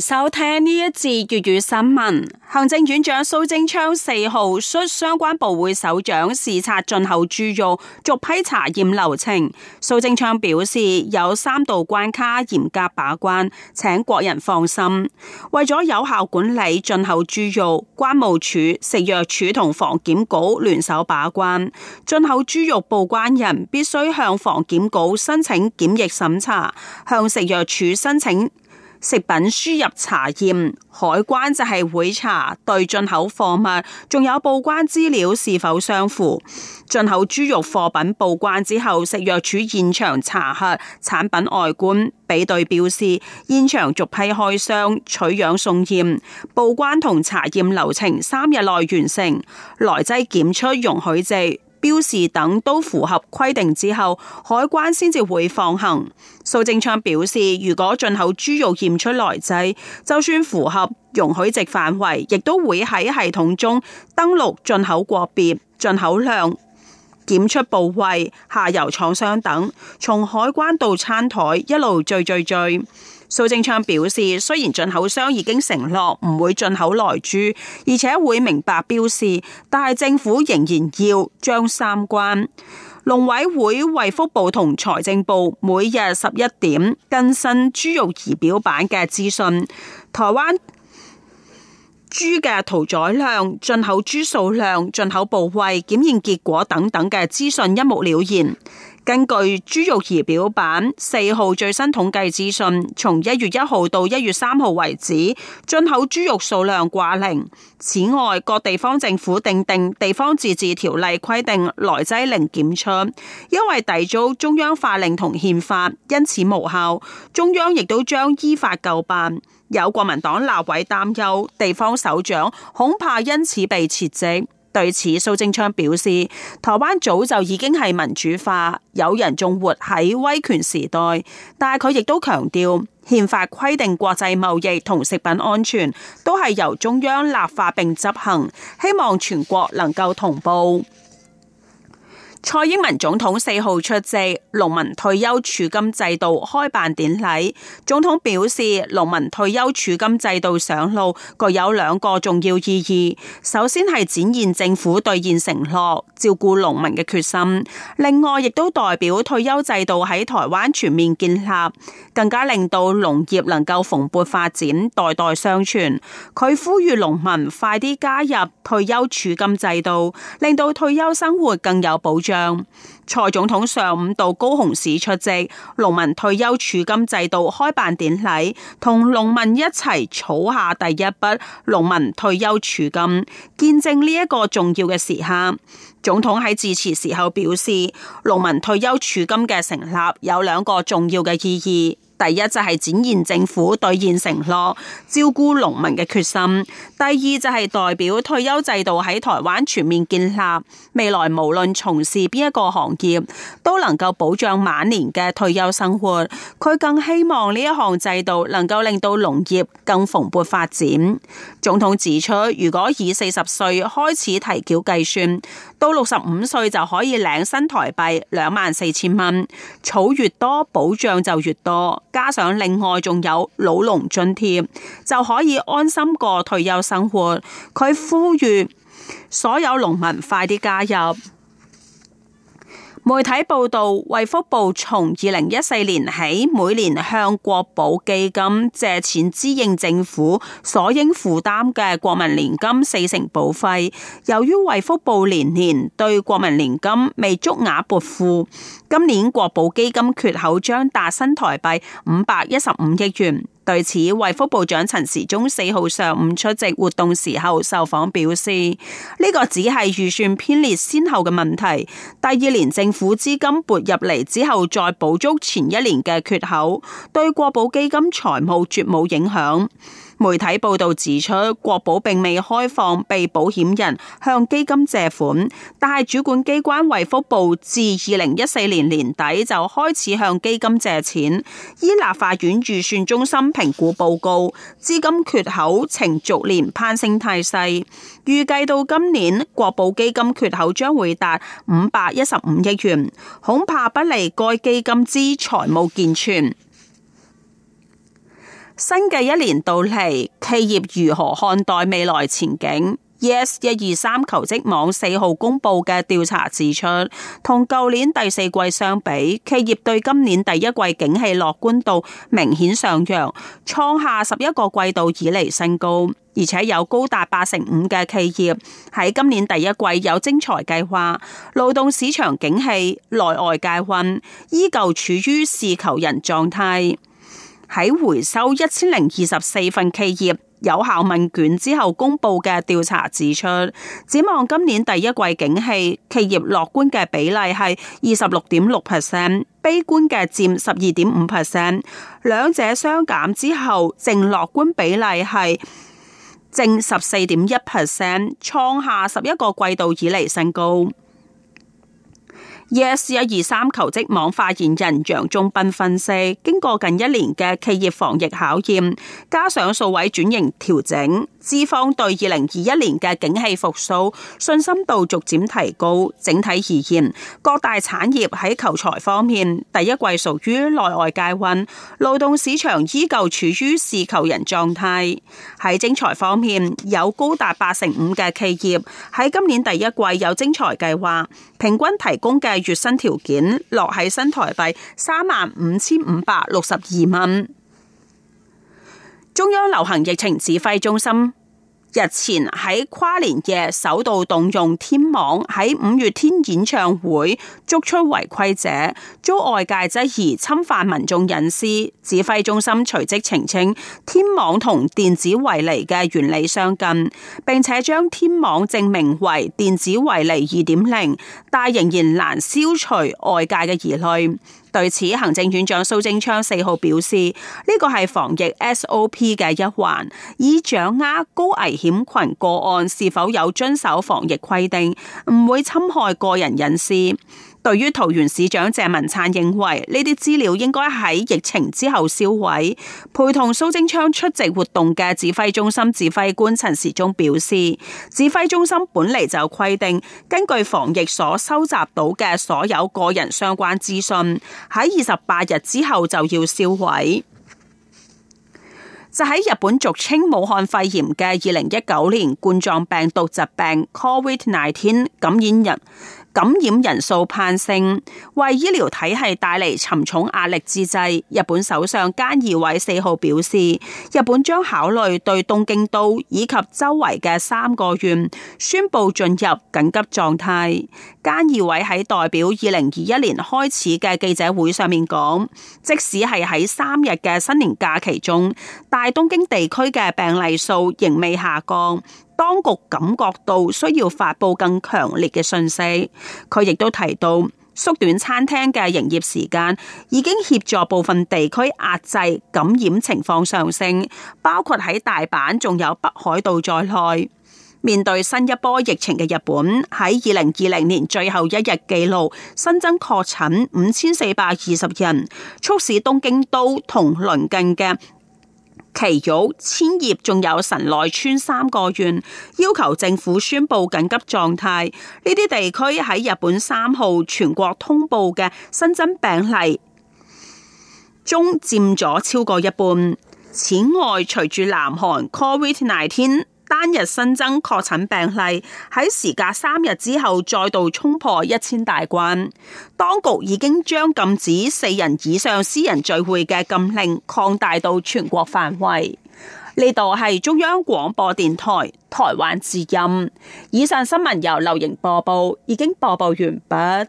.收聽呢一節粵語新聞。行政院長蘇貞昌四號率相關部會首長視察進口豬肉逐批查驗流程。蘇貞昌表示，有三道關卡嚴格把關，請國人放心。為咗有效管理進口豬肉，關務處、食藥署同防檢局聯手把關。進口豬肉報關人必須向防檢局申請檢疫審查，向食藥署申請。食品輸入查驗，海關就係會查對進口貨物，仲有報關資料是否相符。進口豬肉貨品報關之後，食藥署現場查核產品外觀，比對表示，現場逐批開箱取樣送驗。報關同查驗流程三日內完成，來劑檢出容許值標示等都符合規定之後，海關先至會放行。蘇貞昌表示，如果進口豬肉驗出萊劑，就算符合容許值範圍，亦都會喺系統中登錄進口國別、進口量、檢出部位、下游廠商等，從海關到餐台一路追追追。蘇貞昌表示，雖然進口商已經承諾唔會進口萊豬，而且會明白標示，但係政府仍然要將三關。農委會、衛福部同財政部每日十一點更新豬肉儀表板嘅資訊，台灣豬嘅屠宰量、進口豬數量、進口部位、檢驗結果等等嘅資訊一目了然。根據豬肉儀表板四號最新統計資訊，從一月一號到一月三號為止，進口豬肉數量掛零。此外，各地方政府訂定，定地方自治條例規定萊劑零檢出，因為抵觸中央法令同憲法，因此無效。中央亦都將依法究辦。有國民黨立委擔憂，地方首長恐怕因此被撤職。對此，蘇貞昌表示，台灣早就已經係民主化，有人仲活喺威權時代。但係佢亦都強調，憲法規定國際貿易同食品安全都係由中央立法並執行，希望全國能夠同步。蔡英文總統四號出席農民退休儲金制度開辦典禮，總統表示農民退休儲金制度上路具有兩個重要意義，首先係展現政府兌現承諾、照顧農民嘅決心，另外亦都代表退休制度喺台灣全面建立，更加令到農業能夠蓬勃發展、代代相傳。佢呼籲農民快啲加入退休儲金制度，令到退休生活更有保障。蔡總統上午到高雄市出席農民退休儲金制度開辦典禮，同農民一齊儲下第一筆農民退休儲金，見證呢一個重要嘅時刻。總統喺致辭時候表示，農民退休儲金嘅成立有兩個重要嘅意義。第一就係展現政府兌現承諾照顧農民嘅決心；第二就係代表退休制度喺台灣全面建立，未來無論從事邊一個行業，都能夠保障晚年嘅退休生活。佢更希望呢一項制度能夠令到農業更蓬勃發展。總統指出，如果以四十歲開始提繳計算，到六十五歲就可以領新台幣兩萬四千蚊，儲越多保障就越多，加上另外仲有老農津貼，就可以安心過退休生活。佢呼籲所有農民快啲加入。媒體報道，衛福部從二零一四年起，每年向國保基金借錢支應政府所應負擔嘅國民年金四成保費。由於衛福部年年對國民年金未足額撥付，今年國保基金缺口將達新台幣五百一十五億元。對此，衛福部長陳時中四號上午出席活動時候受訪表示，呢、這個只係預算編列先後嘅問題，第二年政府資金撥入嚟之後再補足前一年嘅缺口，對國保基金財務絕冇影響。媒體報道指出，國保並未開放被保險人向基金借款，但係主管機關衛福部自二零一四年年底就開始向基金借錢。依立法院預算中心評估報告，資金缺口呈逐年攀升態勢，預計到今年國保基金缺口將會達五百一十五億元，恐怕不利該基金之財務健全。新嘅一年到嚟，企業如何看待未來前景？Yes 一二三求職網四號公布嘅調查指出，同舊年第四季相比，企業對今年第一季景氣樂觀度明顯上揚，創下十一個季度以嚟新高。而且有高達八成五嘅企業喺今年第一季有徵才計劃。勞動市場景氣內外皆溫，依舊處於事求人狀態。喺回收一千零二十四份企業有效問卷之後公布嘅調查指出，展望今年第一季景氣，企業樂觀嘅比例係二十六點六 percent，悲觀嘅佔十二點五 percent，兩者相減之後，淨樂觀比例係正十四點一 percent，創下十一個季度以嚟新高。yes，一二三求職網發言人楊仲斌分析，經過近一年嘅企業防疫考驗，加上數位轉型調整，資方對二零二一年嘅景氣復甦信心度逐漸提高。整體而言，各大產業喺求才方面，第一季屬於內外皆溫，勞動市場依舊處，處於是求人狀態。喺徵才方面，有高達八成五嘅企業喺今年第一季有徵才計劃，平均提供嘅。月新條件落喺新台幣三萬五千五百六十二蚊。中央流行疫情指揮中心，日前喺跨年夜首度動用天網喺五月天演唱會捉出違規者，遭外界質疑侵犯民眾隱私。指揮中心隨即澄清，清，天網同電子圍籬嘅原理相近，並且將天網證明為電子圍籬二點零，但仍然難消除外界嘅疑慮。對此，行政院長蘇貞昌四號表示，呢個係防疫 SOP 嘅一環，以掌握高危險群個案是否有遵守防疫規定，唔會侵害個人隱私。對於桃園市長鄭文燦認為呢啲資料應該喺疫情之後銷毀。陪同蘇貞昌出席活動嘅指揮中心指揮官陳時中表示，指揮中心本嚟就規定，根據防疫所收集到嘅所有個人相關資訊，喺二十八日之後就要銷毀。就喺日本俗稱武漢肺炎嘅二零一九年冠狀病毒疾病 （COVID-19） 感染日。感染人數攀升，為醫療體系帶嚟沉重壓力之際，日本首相菅義偉四號表示，日本將考慮對東京都以及周圍嘅三個縣宣佈進入緊急狀態。菅義偉喺代表二零二一年開始嘅記者會上面講，即使係喺三日嘅新年假期中，大東京地區嘅病例數仍未下降。當局感覺到需要發布更強烈嘅訊息，佢亦都提到縮短餐廳嘅營業時間，已經協助部分地區壓制感染情況上升，包括喺大阪仲有北海道在內。面對新一波疫情嘅日本，喺二零二零年最後一日紀錄新增確診五千四百二十人，促使東京都同鄰近嘅。埼玉、千葉仲有神奈川三個縣，要求政府宣布緊急狀態。呢啲地區喺日本三號全國通報嘅新增病例中佔咗超過一半。此外，隨住南韓 COVID-19。單日新增確診病例喺時隔三日之後再度衝破一千大關，當局已經將禁止四人以上私人聚會嘅禁令擴大到全國範圍。呢度係中央廣播電台台灣之音。以上新聞由劉瑩播報，已經播報完畢。